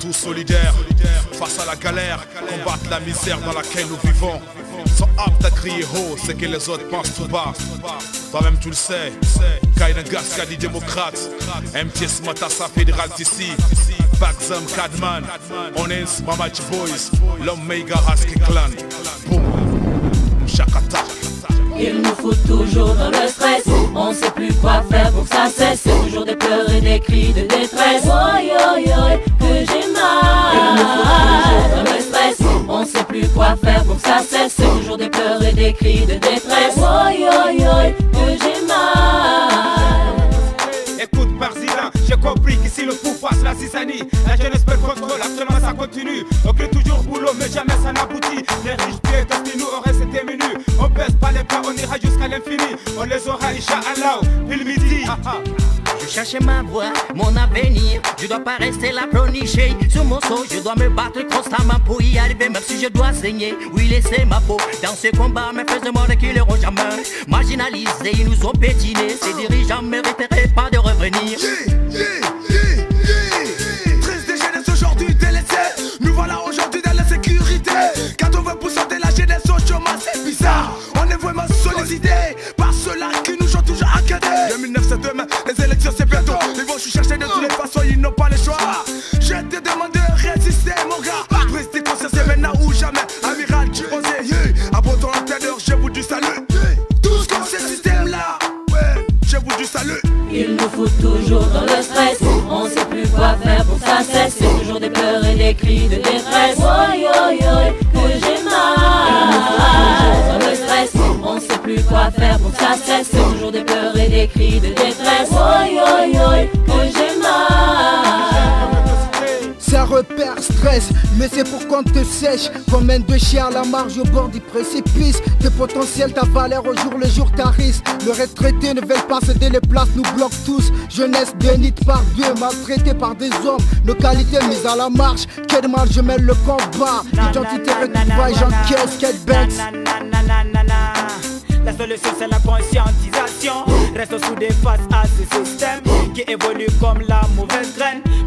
Tout solidaire, face à la galère, combattre la misère dans laquelle nous vivons. Sans aptes à crier haut, c'est que les autres pensent tout bas. Toi-même tu le sais, Kaiden Gaska dit démocrate, MTS Matassa fédéral d'ici. Baxam Cadman, Onens, Mamach Boys, l'Omega Husky Clan. Boom, attaque Il nous faut toujours dans le stress, on sait plus quoi faire pour que ça cesse. C'est toujours des pleurs et des cris de détresse. des pleurs et des cris de détresse. Oi, oi, oi, que j'ai mal. Écoute, Barzila, j'ai compris Qu'ici le pouvoir c'est la cisanie, la jeunesse peut contrôle, actuellement ça continue. On crée toujours boulot, mais jamais ça n'aboutit. Les riches pieds, tant nous aurait c'était menus On baisse pas les pas, on ira jusqu'à l'infini. On les aura, Allah, il midi chercher ma voie, mon avenir. Je dois pas rester là planiché sur mon saut. Je dois me battre constamment pour y arriver, même si je dois saigner. Oui, laisser ma peau dans ce combat, mes frères de mort qui jamais Marginalisés, Ils nous ont pétiné, ces dirigeants mériteraient pas de revenir. l'élection c'est bientôt Ils je suis cherché de tous les façons, ils n'ont pas le choix Je te demande de résister mon gars Restez conscient c'est maintenant ou jamais Amiral tu osé, abandon l'intérieur, je vous du salut Tous comme ce système là, je vous du salut Ils nous foutent toujours dans le stress oh. On sait plus quoi faire pour que ça cesse C'est oh. toujours des pleurs et des cris de détresse Oi oi oi, que j'ai mal oh. On sait plus quoi faire pour que ça cesse C'est toujours des pleurs et des cris de détresse stress Mais c'est pour qu'on te sèche un de chien à la marge au bord du précipice Tes potentiels, ta valeur au jour le jour risque Le retraité ne veut pas céder les places, nous bloquent tous Jeunesse bénite par Dieu, maltraité par des hommes Nos qualités mises à la marche Quel mal je mène le combat Identité retrouvaille, j'encaisse, quelle bête la solution c'est la conscientisation Reste sous des faces à ce système Qui évolue comme la mauvaise graine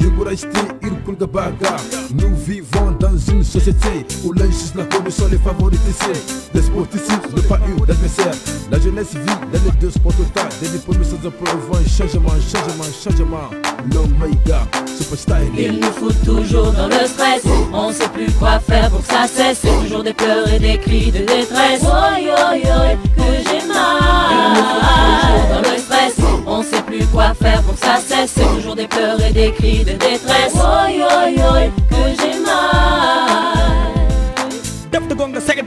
Yugurajti Irpulgabaga. Nous vivons dans une société où l'injustice, la corruption, les favoritisés. Des sportifs, ne pas eu d'adversaire. La jeunesse vit dans les deux sports total. Des diplômés sans emploi changement, changement, changement. L'Omega, oh superstar. Il nous fout toujours dans le stress. On sait plus quoi faire pour que ça cesse. Toujours des pleurs et des cris de détresse. Oi yo, yo, que j'ai mal ça c'est toujours des pleurs et des cris de détresse.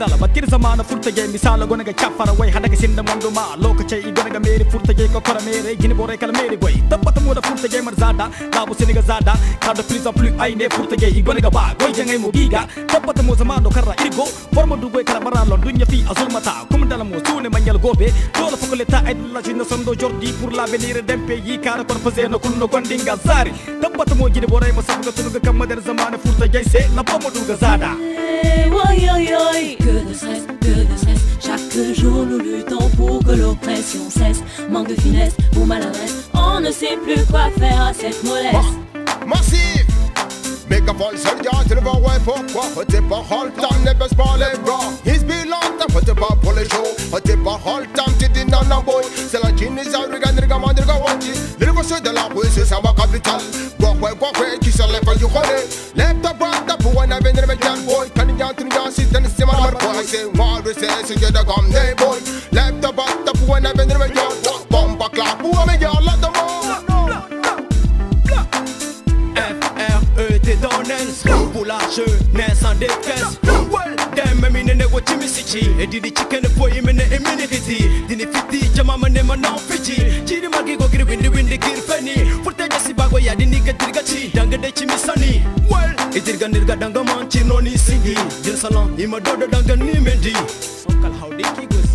dala batkiri zamana furtage misala gonaga chaffara way hadaga sinda mandu ma lokache igonaga mere furtage ko kora mere gini bore kala mere goy tabbata muda furtage mar zada labu siniga zada kada please aplu aine furtage igonaga ba goy jangai mu giga tabbata mu zamano karra irgo forma du goy kala bara lon dunya fi azul mata kum dala mo sune manyal gobe dola fakuleta aidla jinna sondo jordi pour la venir dem pays kara purpose no kulno gondinga zari tabbata mo gini bore masabuga tunuga kamma der zamana furtage se na pomo duga zada Oy, oy, oy. que de stress, que de stress. Chaque jour nous luttons pour que l'oppression cesse. Manque de finesse ou maladresse, on ne sait plus quoi faire à cette mollesse. Merci Mais qu'en Massive le soldat, tu le vois, ouais, pourquoi Tes paroles, t'en ne baisse pas les bras It's been long time, faut pas pour les shows Tes paroles, t'en tu dis non, non, boy C'est la Tunisie, regarde, regarde, regarde, regarde Les gosses de la rue, c'est sa voix capitale Quoi, ouais, quoi, ouais, tu sais, les feuilles, tu connais Lève ta boîte, pour un avenir, mais t'as boy consistency man mar boy Say war we say so you da gum day boy Left the back the poor and I've been in my yard Walk bumper clap who am I y'all at the mall F-R-E-T dans Nens Pour la jeunesse en détresse Well, damn, me mine ne wachi mi sichi E di di chicken boy me ne emine hiti Dini fiti jama me ne manan fiji Chiri magi go giri windy windy giri feni Furte jasi bagwa ya di nigga dirgachi Danga de chimisani Well, itirga nirga danga manchi noni singi jil salam ima doda danga ni mendi sokal howdy kigos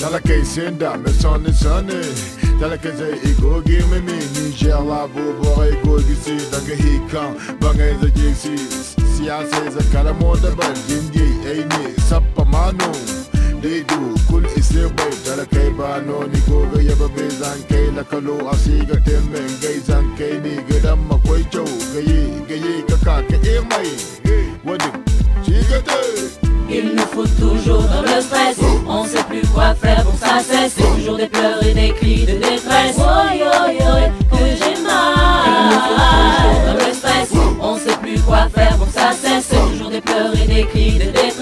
Tala que senda me sonne sonne Tala que ze ego give me Niger la bobo ego gisi danga hikam banga ze jisi siyase ze karamo da ban jingi ayni sappa manu they do kul isle bai tala kai ba no ni goga yaba bezan kai la kalo asiga temen gai zan kai ni Il nous faut toujours dans le stress. Oh. On sait plus quoi faire pour ça cesse. C'est toujours des pleurs et des cris de détresse. Oh yo yo, que j'ai mal. Il nous faut toujours dans le stress. Oh. On sait plus quoi faire pour ça cesse. C'est toujours des pleurs et des cris de détresse.